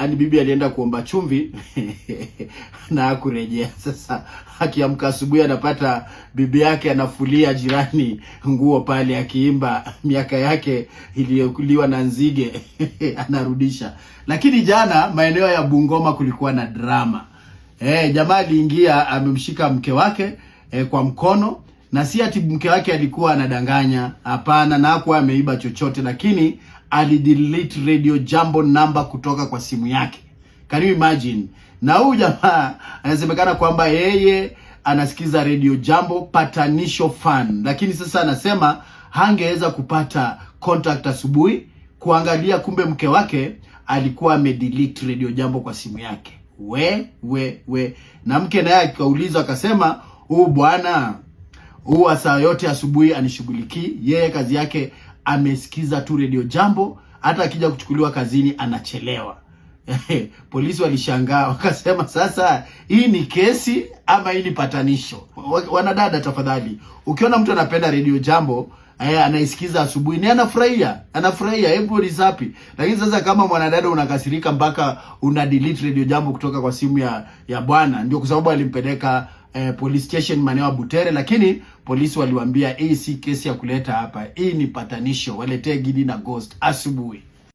hadi yaani bibi alienda kuomba chumvi na hakurejea. Sasa akiamka asubuhi, anapata bibi yake anafulia jirani nguo pale, akiimba miaka yake iliyokuliwa na nzige anarudisha. Lakini jana maeneo ya Bungoma kulikuwa na drama eh, jamaa aliingia amemshika mke wake eh, kwa mkono na si ati mke wake alikuwa anadanganya, hapana, na hakuwa ameiba chochote, lakini alidelete Radio Jambo namba kutoka kwa simu yake. Can you imagine? Na huyu jamaa anasemekana kwamba yeye anasikiza Radio Jambo patanisho fan, lakini sasa anasema hangeweza kupata contact asubuhi kuangalia, kumbe mke wake alikuwa amedelete Radio Jambo kwa simu yake. We we we, na mke naye akauliza, akasema, huu bwana huu saa yote asubuhi anishughulikii, yeye kazi yake amesikiza tu redio jambo, hata akija kuchukuliwa kazini anachelewa. Polisi walishangaa wakasema, sasa hii ni kesi ama hii ni patanisho? Wanadada, tafadhali, ukiona mtu anapenda redio jambo Aya, eh, anaisikiza asubuhi, ni anafurahia, anafurahia, everybody happy. Lakini sasa kama mwanadada unakasirika mpaka una delete radio jambo kutoka kwa simu ya ya bwana, ndio kwa sababu alimpeleka eh, police station maeneo Butere, lakini polisi waliwaambia hii si kesi ya kuleta hapa, hii ni patanisho, waletee Gidi na Ghost asubuhi.